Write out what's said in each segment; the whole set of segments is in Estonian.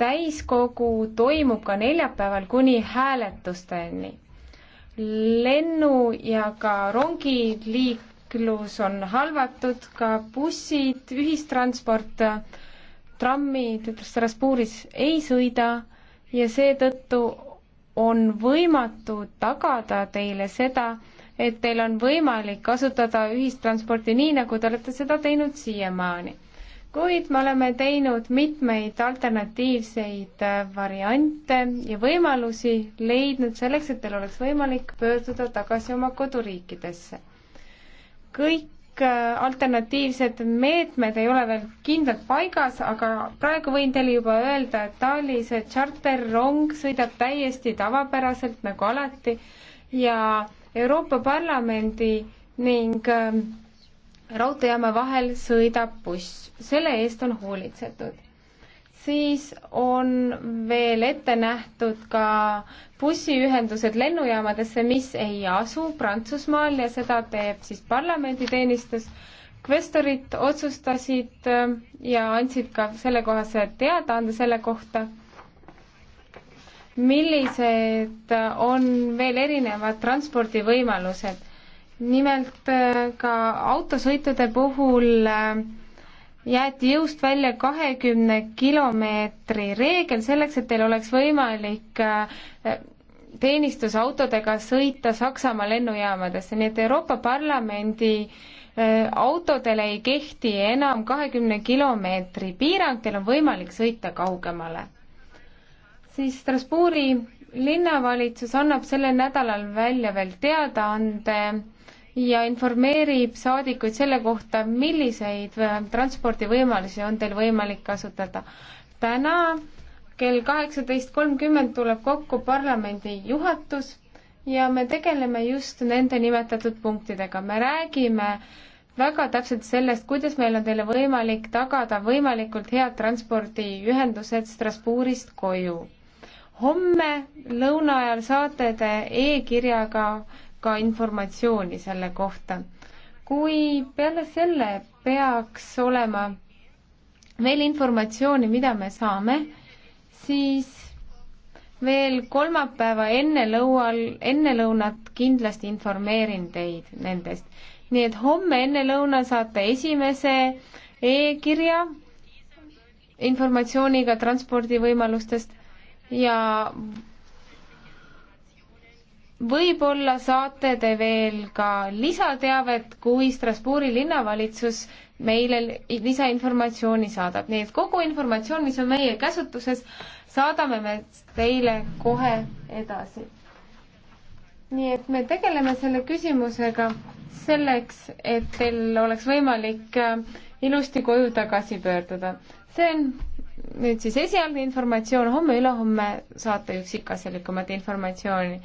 täiskogu toimub ka neljapäeval kuni hääletusteni. lennu ja ka rongiliiklus on halvatud, ka bussid, ühistransport, trammid Strasbourgis ei sõida ja seetõttu on võimatu tagada teile seda, et teil on võimalik kasutada ühistransporti nii, nagu te olete seda teinud siiamaani kuid me oleme teinud mitmeid alternatiivseid äh, variante ja võimalusi leidnud selleks, et teil oleks võimalik pöörduda tagasi oma koduriikidesse. kõik äh, alternatiivsed meetmed ei ole veel kindlalt paigas, aga praegu võin teile juba öelda, et Taalis tšarterrong sõidab täiesti tavapäraselt nagu alati ja Euroopa Parlamendi ning ähm, raudteejaama vahel sõidab buss, selle eest on hoolitsetud. siis on veel ette nähtud ka bussiühendused lennujaamadesse, mis ei asu Prantsusmaal ja seda teeb siis parlamenditeenistus. kvestorid otsustasid äh, ja andsid ka sellekohase teadaande selle kohta, millised äh, on veel erinevad transpordivõimalused nimelt äh, ka autosõitude puhul äh, jäeti jõust välja kahekümne kilomeetri reegel selleks, et teil oleks võimalik äh, teenistusautodega sõita Saksamaa lennujaamadesse, nii et Euroopa Parlamendi autodele ei kehti enam kahekümne kilomeetri piirang, teil on võimalik sõita kaugemale. siis Strasbourgi linnavalitsus annab sellel nädalal välja veel teadaande ja informeerib saadikuid selle kohta, milliseid äh, transpordivõimalusi on teil võimalik kasutada. täna kell kaheksateist kolmkümmend tuleb kokku parlamendi juhatus ja me tegeleme just nende nimetatud punktidega, me räägime väga täpselt sellest, kuidas meil on teile võimalik tagada võimalikult head transpordiühendused Strasbourgist koju. homme lõuna ajal saate te e-kirjaga ka informatsiooni selle kohta. kui peale selle peaks olema veel informatsiooni, mida me saame, siis veel kolmapäeva ennelõual, ennelõunat kindlasti informeerin teid nendest. nii et homme ennelõuna saate esimese e-kirja informatsiooniga transpordivõimalustest ja võib-olla saate te veel ka lisateavet, kui Strasbourgi linnavalitsus meile lisainformatsiooni saadab, nii et kogu informatsioon, mis on meie käsutuses, saadame me teile kohe edasi. nii et me tegeleme selle küsimusega selleks, et teil oleks võimalik äh, ilusti koju tagasi pöörduda. see on nüüd siis esialgne informatsioon, homme-ülehomme saate üksikasjalikumat informatsiooni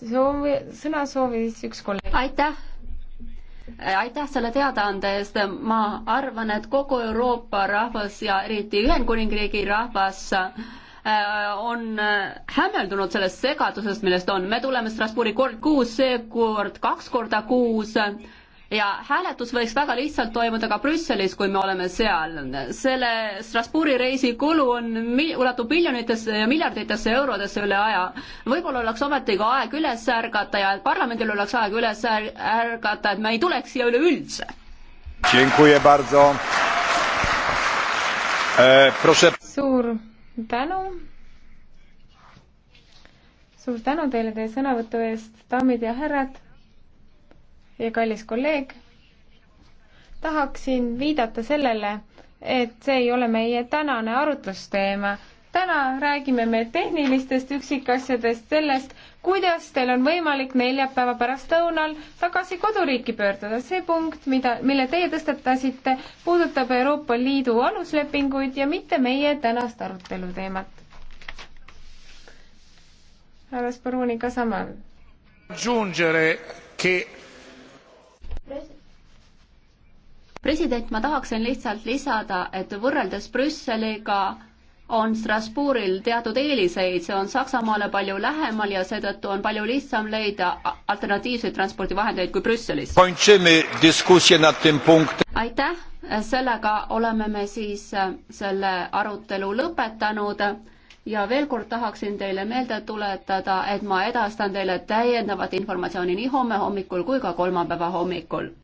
soovi, sõna soovis üks kolleeg. aitäh! aitäh selle teadaande eest, ma arvan, et kogu Euroopa rahvas ja eriti Ühendkuningriigi rahvas äh, on äh, hämmeldunud sellest segadusest, millest on, me tuleme Strasbourgi kord kuus, seekord kaks korda kuus ja hääletus võiks väga lihtsalt toimuda ka Brüsselis, kui me oleme seal. selle Strasbourgi reisi kulu on, ulatub miljonitesse ja miljarditesse eurodesse üle aja. võib-olla oleks ometi ka aeg üles ärgata ja parlamendil oleks aeg üles ärgata, et me ei tuleks siia üleüldse. E, suur tänu suur tänu teile teie sõnavõtu eest, daamid ja härrad ja kallis kolleeg, tahaksin viidata sellele, et see ei ole meie tänane arutlusteema. täna räägime me tehnilistest üksikasjadest, sellest, kuidas teil on võimalik neljapäeva pärastlõunal tagasi koduriiki pöörduda. see punkt, mida, mille teie tõstatasite, puudutab Euroopa Liidu aluslepinguid ja mitte meie tänast arutelu teemat. härra Sporuni ka samal pres-, president, ma tahaksin lihtsalt lisada, et võrreldes Brüsseliga on Strasbourgil teatud eeliseid, see on Saksamaale palju lähemal ja seetõttu on palju lihtsam leida alternatiivseid transpordivahendeid kui Brüsselis. aitäh, sellega oleme me siis selle arutelu lõpetanud ja veel kord tahaksin teile meelde tuletada, et ma edastan teile täiendavat informatsiooni nii homme hommikul kui ka kolmapäeva hommikul.